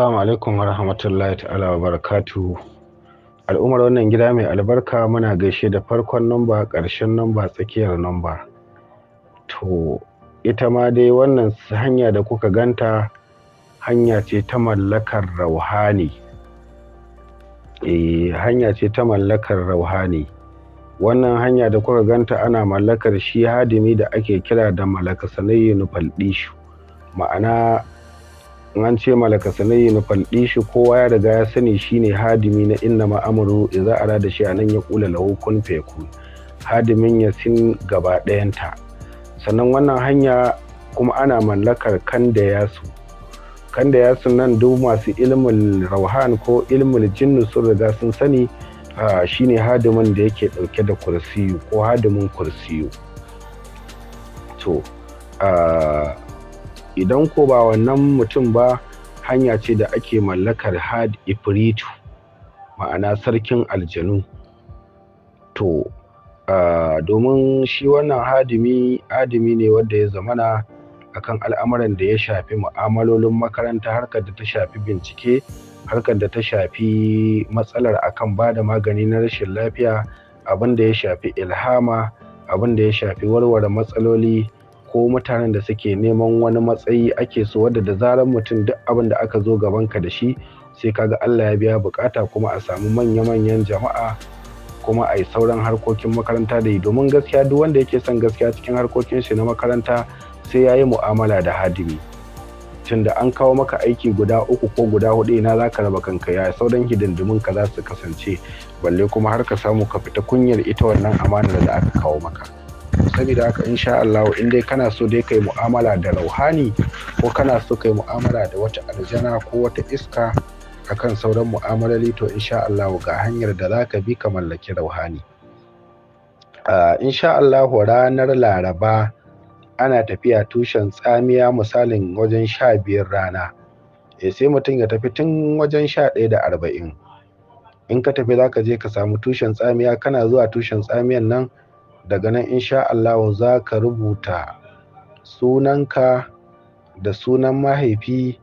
Assalamu alaikum wa rahmatullahi ta'ala wa barakatu. Al'ummar wannan gida mai albarka muna gaishe da farkon namba, ƙarshen namba, tsakiyar namba. To, ita ma dai wannan hanya da kuka ganta hanya ce ta mallakar rauhani. E, hanya ce ta mallakar rauhani. Wannan hanya da kuka ganta ana mallakar shi hadimi da ake kira da malakasanai nufaldishu. Ma'ana in an ce malaka sanayi na falɗi shi kowa ya riga ya sani shine hadimi na inna ma'amuru idza arada shi a nan ya kula lahu kun hadimin ya sin gaba ɗayanta sannan wannan hanya kuma ana mallakar kan da yasu kan da yasu nan duk masu ilmin rauhan ko ilmin jinnu sun riga sun sani shine hadimin da yake ɗauke da kursiyu ko hadimin kursiyu idan ko ba wannan mutum ba hanya ce da ake mallakar had ifritu ma'ana sarkin aljanu to domin shi wannan hadimi adimi ne wanda ya zamana akan al'amuran da ya shafi mu'amalolin makaranta harkar da ta shafi bincike harkar da ta shafi matsalar akan ba da magani na rashin lafiya abin da ya shafi ilhama abin da ya shafi warware matsaloli ko mutanen da suke neman wani matsayi ake so wadda da zarar mutum duk abin da aka zo gaban ka da shi sai kaga Allah ya biya bukata kuma a samu manya-manyan jama'a kuma a yi sauran harkokin makaranta da yi domin gaskiya duk wanda yake son gaskiya cikin harkokin shi na makaranta sai ya yi mu'amala da hadimi tun da an kawo maka aiki guda uku ko guda hudu ina za ka raba kanka ya sauran hidindimin ka za su kasance balle kuma har ka samu ka fita kunyar ita wannan amanar da aka kawo maka. saboda haka insha Allah in dai kana so dai kai mu'amala da rauhani ko kana so kai mu'amala da wata aljana ko wata iska akan sauran mu'amalali to insha Allah ga hanyar da zaka bi ka mallaki rauhani insha Allah ranar laraba ana tafiya tushen tsamiya misalin wajen sha biyar rana e sai mutum ya tafi tun wajen sha ɗaya da arba'in in ka tafi za ka je ka samu tushen tsamiya kana zuwa tushen tsamiyan nan daga nan insha Allah za ka rubuta sunanka da sunan mahaifi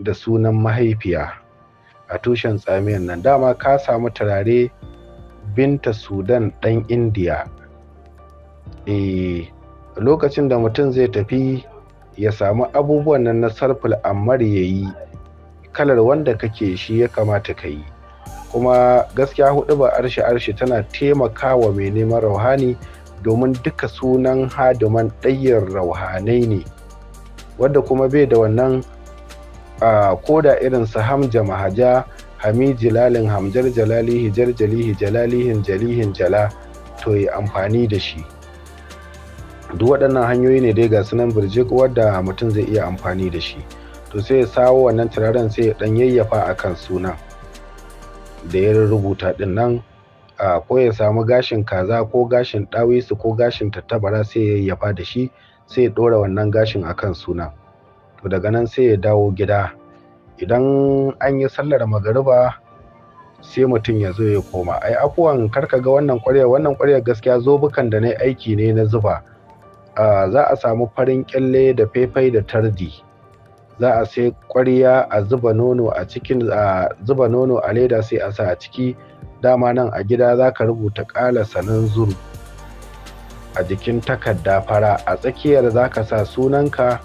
da sunan mahaifiya a tushen tsamiyan nan dama ka samu turare binta sudan ɗan indiya e, lokacin da mutum zai tafi ya samu abubuwan nan na sarfil ammar ya kalar wanda kake shi ya kamata ka yi kuma gaskiya hudu ba arshi arshi tana taimakawa mai neman rauhani domin duka sunan hadiman ɗayyar rauhanai ne wadda kuma bai da wannan koda irin su hamja mahaja hami jilalin hamjar jalali hijar jalihi jalalihin jalihin jala to yi amfani da shi duk waɗannan hanyoyi ne dai ga sunan birjik wadda mutum zai iya amfani da shi to sai ya sawo wannan turaren sai ya ɗan yayyafa a kan sunan da ya rubuta ɗin nan a ko ya samu gashin kaza ko gashin ɗawisu ko gashin tattabara sai ya yayyafa da shi sai ya ɗora wannan gashin a kan suna to daga nan sai ya dawo gida idan an yi sallar magariba sai mutum ya zo ya koma ai afuwan ka ga wannan ƙwarya wannan ƙwarya gaskiya zobukan da na aiki ne na zuba za a samu farin kyalle da faifai da tardi za a sai ƙwarya a zuba nono a cikin a zuba nono a leda sai a sa a ciki dama nan a gida za ka rubuta ƙala sanin zuru a jikin takarda fara a tsakiyar za ka sa sunanka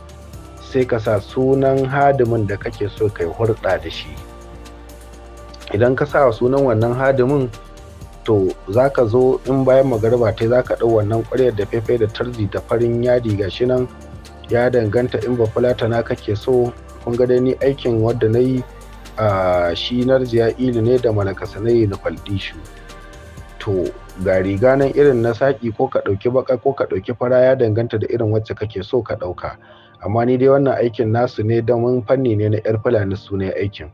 sai ka sa sunan hadimin da kake so kai hurɗa da shi idan ka sa sunan wannan hadimin to za ka zo in bayan magariba ta za ka ɗau wannan ƙwaryar da faifai da tarzi da farin yadi ga shi nan ya danganta in ba fulata na kake so kun ga ni aikin wadda na yi shi narziya ilu ne da Malakasa na faldishu to ga riga nan irin na saki ko ka ɗauki baka ko ka ɗauki fara ya danganta da irin wacce kake so ka ɗauka amma ni dai wannan aikin nasu ne don fanni ne na yar fulani su ne aikin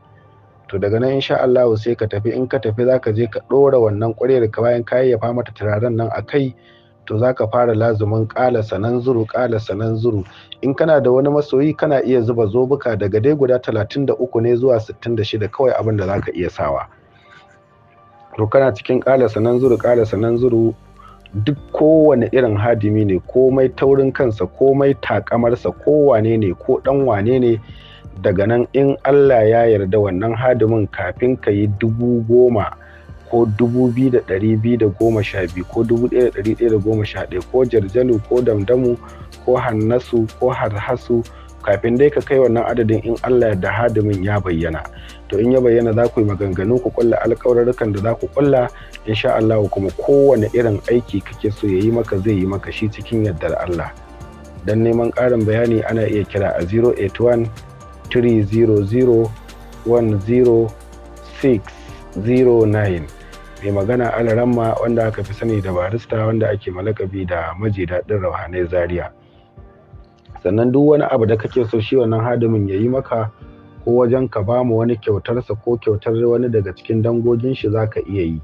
to daga nan insha Allah sai ka tafi in ka tafi zaka je ka ɗora wannan ƙwarewar ka bayan ka yayyafa mata turaren nan a kai to za ka fara lazumin ƙala sanan zuru ƙala sanan zuru in kana da wani masoyi kana iya zuba zobuka daga dai guda talatin da uku ne zuwa sittin da shida kawai abin da za ka iya sawa to kana cikin ƙala sanan zuru ƙala sanan zuru duk kowane irin hadimi ne komai taurin kansa komai takamarsa ko wane ne ko dan wane ne daga nan in Allah ya yarda wannan hadimin kafin ka yi dubu goma ko sha 2212 ko ɗaya ko jarjalu ko damdamu ko hannasu ko harhasu kafin dai ka kai wannan adadin in Allah da hadimin ya bayyana to in ya bayyana za ku yi maganganu ku kulla alƙawarurrukan da za ku kulla insha Allah kuma kowane irin aiki kake so ya yi maka zai yi maka shi cikin yardar Allah dan neman ƙarin bayani ana iya kira a 081 300 10609 mai magana alaramma wanda aka fi sani da barista wanda ake malakabi da maji daɗin rauhanai zaria sannan duk wani abu da kake so shi wannan hadimin ya yi maka ko wajen ka ba mu wani kyautarsa ko kyautar wani daga cikin dangogin shi ka iya yi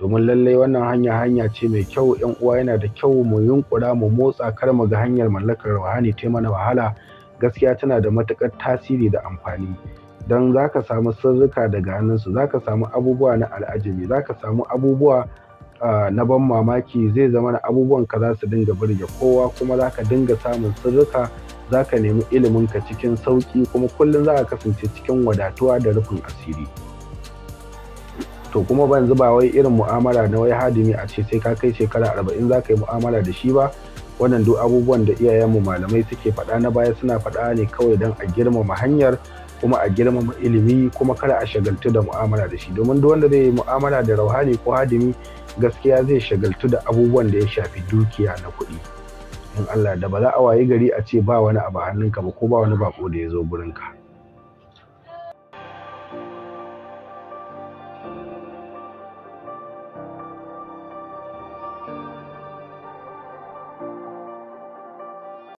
domin lallai wannan hanya hanya ce mai kyau yan uwa yana da kyau mu yunkura mu motsa kar mu ga hanyar mallakar ruhani ta mana wahala gaskiya tana da matukar tasiri da amfani don za ka samu sirrika daga hannunsu za ka samu abubuwa na al'ajabi za ka samu abubuwa na ban mamaki zai zama na abubuwan ka za su dinga birge kowa kuma za ka dinga samun sirrika za ka nemi ilimin ka cikin sauƙi kuma kullum za ka kasance cikin wadatuwa da rufin asiri to kuma ban zuba wai irin mu'amala na wai hadimi a ce sai ka kai shekara arba'in za ka yi mu'amala da shi ba wannan duk abubuwan da iyayenmu malamai suke faɗa na baya suna faɗa ne kawai don a girmama hanyar kuma a girmama ilimi kuma kada a shagaltu da mu'amala da shi domin duk wanda zai yi mu'amala da rauhani ko hadimi gaskiya zai shagaltu da abubuwan da ya shafi dukiya na kuɗi in Allah da ba za a wayi gari a ce ba wani abu hannunka ba ko ba wani bako da ya zo ka.